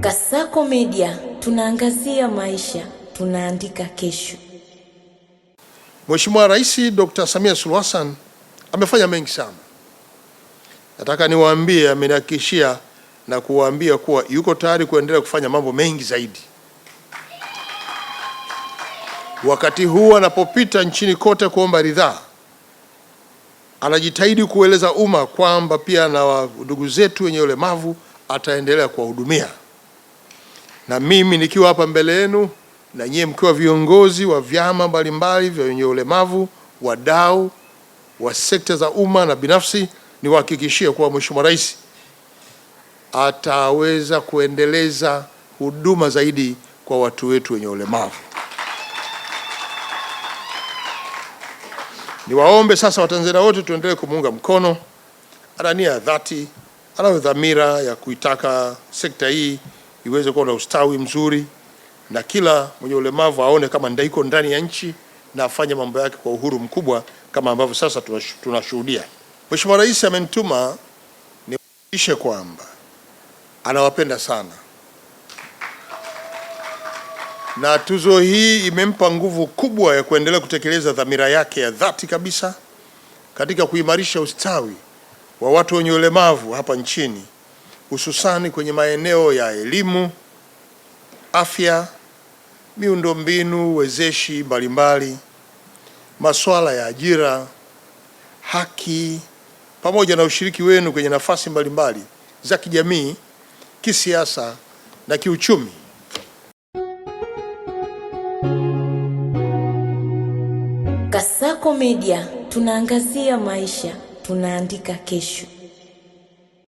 Kasako Media tunaangazia maisha, tunaandika kesho. Mheshimiwa Rais Dr. Samia sulu Hassan amefanya mengi sana. Nataka niwaambie, amenihakikishia na kuwaambia kuwa yuko tayari kuendelea kufanya mambo mengi zaidi. Wakati huu anapopita nchini kote kuomba ridhaa, anajitahidi kueleza umma kwamba pia na ndugu zetu wenye ulemavu ataendelea kuwahudumia na mimi nikiwa hapa mbele yenu na nyie mkiwa viongozi wa vyama mbalimbali vya wenye ulemavu, wadau wa sekta za umma na binafsi, niwahakikishie kuwa Mheshimiwa Rais ataweza kuendeleza huduma zaidi kwa watu wetu wenye ulemavu. Niwaombe sasa Watanzania wote tuendelee kumuunga mkono. Ana nia ya dhati, anayo dhamira ya kuitaka sekta hii iweze kuwa na ustawi mzuri na kila mwenye ulemavu aone kama ndaiko ndani ya nchi na afanye mambo yake kwa uhuru mkubwa kama ambavyo sasa tunashuhudia. Mheshimiwa Rais amenituma niwahakikishe kwamba anawapenda sana na tuzo hii imempa nguvu kubwa ya kuendelea kutekeleza dhamira yake ya dhati kabisa katika kuimarisha ustawi wa watu wenye ulemavu hapa nchini hususani kwenye maeneo ya elimu, afya, miundombinu wezeshi mbalimbali, masuala ya ajira, haki, pamoja na ushiriki wenu kwenye nafasi mbalimbali za kijamii, kisiasa na kiuchumi. Kasako Media tunaangazia maisha, tunaandika kesho.